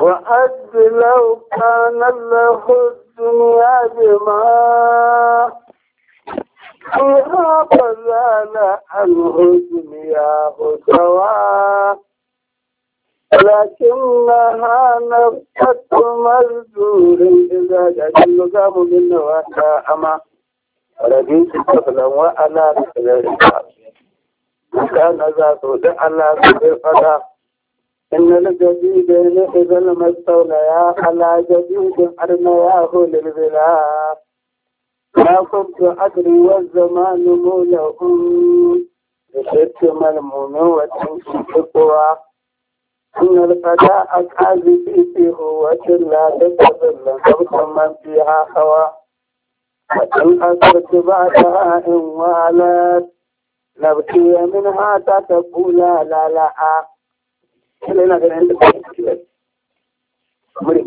وأد لو كان له الدنيا بما فيها فزال عنه دنياه سواء لكنها نفسة مزدور إذا جعل قام من وكاء ربيت فضلا وألا بخير كان ذا سود على سبيل إن الجديد نحب المستولى يا خلا جديد أرمياه للبلا ما كنت أدري والزمان مولهم بشت ملمون وتنشد القوى إن الفتاة كاذب في قوة لا تتذل صوت من فيها خوى وإن أصبت بعدها إن والت نبكي منها تتبولا لا لا kila yana ganin da kuma kila da alal eh?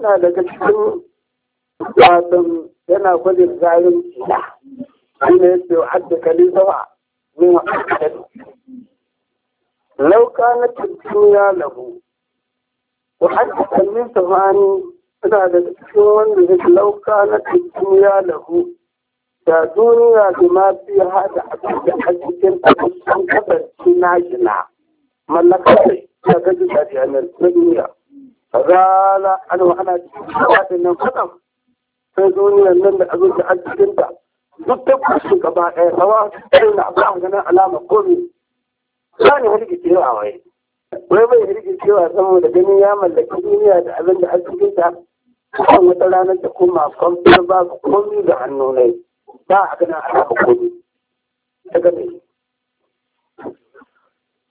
ina cikin watan yana min ajal law kanat dunya lahu wa hatta kallin tawani ina da cikin wanda lauka na kanat dunya lahu da duniya da ma fi hada a cikin sun kasance nashi na mallaka da gaji da yanar duniya rana ana wahala cikin waɗannan kwaɗan sai duniyar nan da abin da a cikinta dukkan kusur gaba ɗaya rawa irin da abu ganin alama komi za ne harki cewa wai wai bai harki cewa saboda ganin ya mallaki duniya da abin da an cikin ta kusan wata ranar ta koma ba su komi da hannu ne ba a ganin alama komi daga mai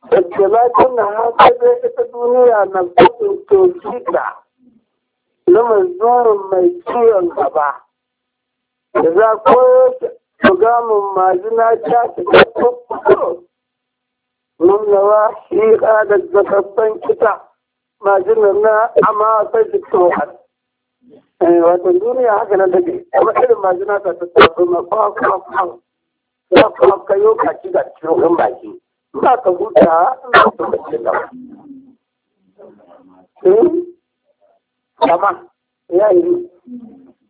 Tattalatin na haka zai ita duniya na kudin toki da na mai zuwan mai ciwon gaba. da za ko gamun majina ta ta kokoro nunawa shi da zakafan kita majinar na amma sai shi tsohon Wata duniya haka nan take kuma irin majina ta ta tafi ma kwa kwa kwa ya kuma kayo kaci da cikin baki ba ka huta ba ka kaci da kama ya yi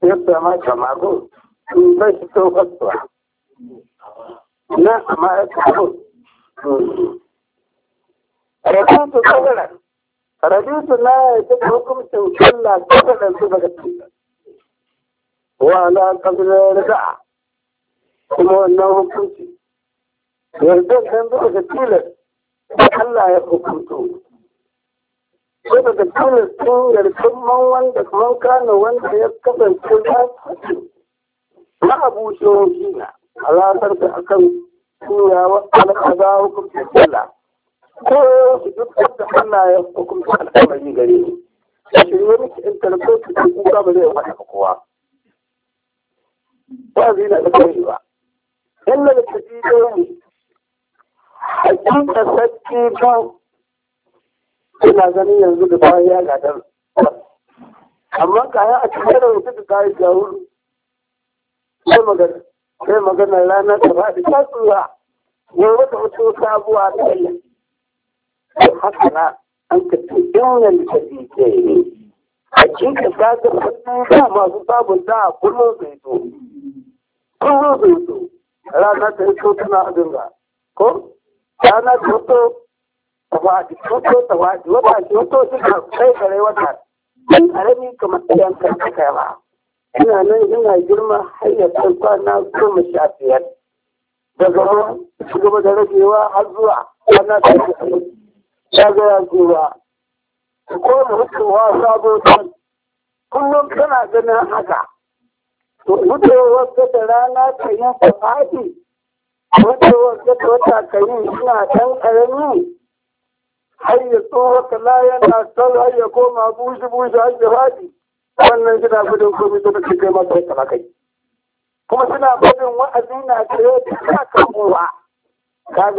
ya tsama kama ko sun nan na yadda hukuncin sallah kagaran su daga kuma wannan hukunci yanzu tilas Allah ya hukunto sai daga tilas sun yarda man wanda kuma kano wanda ya kasance ba su na abu shi na alaƙar da akan tuyawa alƙaza hukuncin Allah ko su duk da Allah ya hukunta al'amari gare ni da shirye miki in tarko ki da kuka ba zai faɗa kowa ba zai na da kai ba in da ta dole dai hakika sarki ba ina ganin yanzu da bayan ya gadar amma kaya a cikin da mutum da kayan jawuru sai magana ranar magana rana ta faɗi ta tsura wai wata mutum sabuwa ta yi haka na an ka yawon ingan ta jike ne a cikin ta ga ba masu sabunta a kullum zai zo kullum zai zo rana ta yi so tana abin ko rana ta fito ta faɗi fito wata ce fito shi ka kai kare wata ɗan ƙarami kamar ɗayan kan ta kai ba ina nan yana girma har ya kai kwana goma sha biyar daga nan su gaba da ragewa har zuwa kwana ta ya ga ya zuwa koma da hukuwa sabo san kullum kana ganin haka to wucewar da rana ta yin fafati wucewar da wata ka yi ina ɗan ƙarami har ya tsohon kala yana son har ya koma bushe bushe har ya faɗi wannan suna gudun komi da suke kai masu yadda na kai kuma suna gudun wa'azi na tsaye da sa kan